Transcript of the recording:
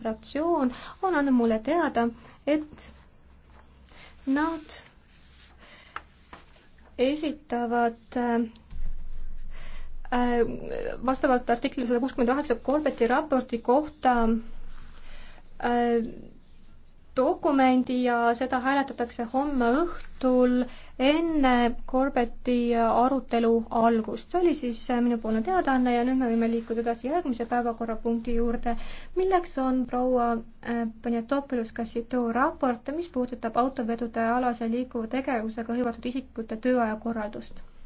fraktsioon on andnud mulle teada, et nad esitavad äh, vastavalt artiklile sada kuuskümmend üheksa Corbeti raporti kohta äh, dokumendi ja seda hääletatakse homme õhtul enne Corbetti arutelu algust. see oli siis minupoolne teadaanne ja nüüd me võime liikuda edasi järgmise päevakorrapunkti juurde, milleks on proua äh, Poniatopoulos Kassitu raport, mis puudutab autovedude alase liikuva tegevusega hõivatud isikute tööaja korraldust.